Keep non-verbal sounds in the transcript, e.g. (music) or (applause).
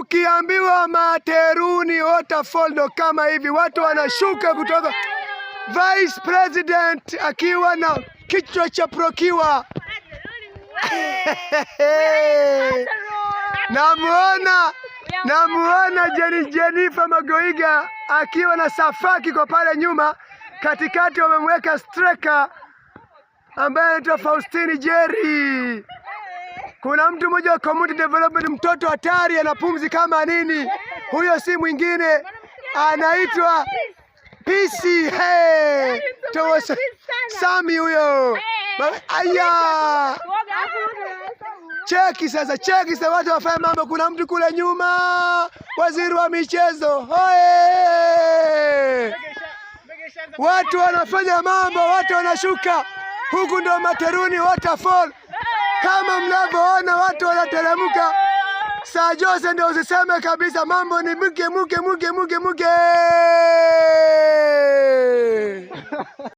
Ukiambiwa Materuni waterfall ndo kama hivi, watu wanashuka kutoka. Vice President akiwa na kichwa cha prokiwa (laughs) namuona namuona Jeni Jenifa Magoiga akiwa na Safaki kwa pale nyuma, katikati wamemweka striker ambaye anaitwa Faustini Jerry. Kuna mtu mmoja community development, mtoto hatari, ana pumzi kama nini. Huyo si mwingine anaitwa PC. Hey, Sami huyo. Aya, cheki sasa, cheki sasa, watu wafanye mambo. Kuna mtu kule nyuma, waziri wa michezo hoye, watu wanafanya mambo, watu wanashuka huku, ndo Materuni waterfall kama mnavyoona watu wanateremka. Saa Jose ndio usiseme kabisa, mambo ni mke mke mke mke mke.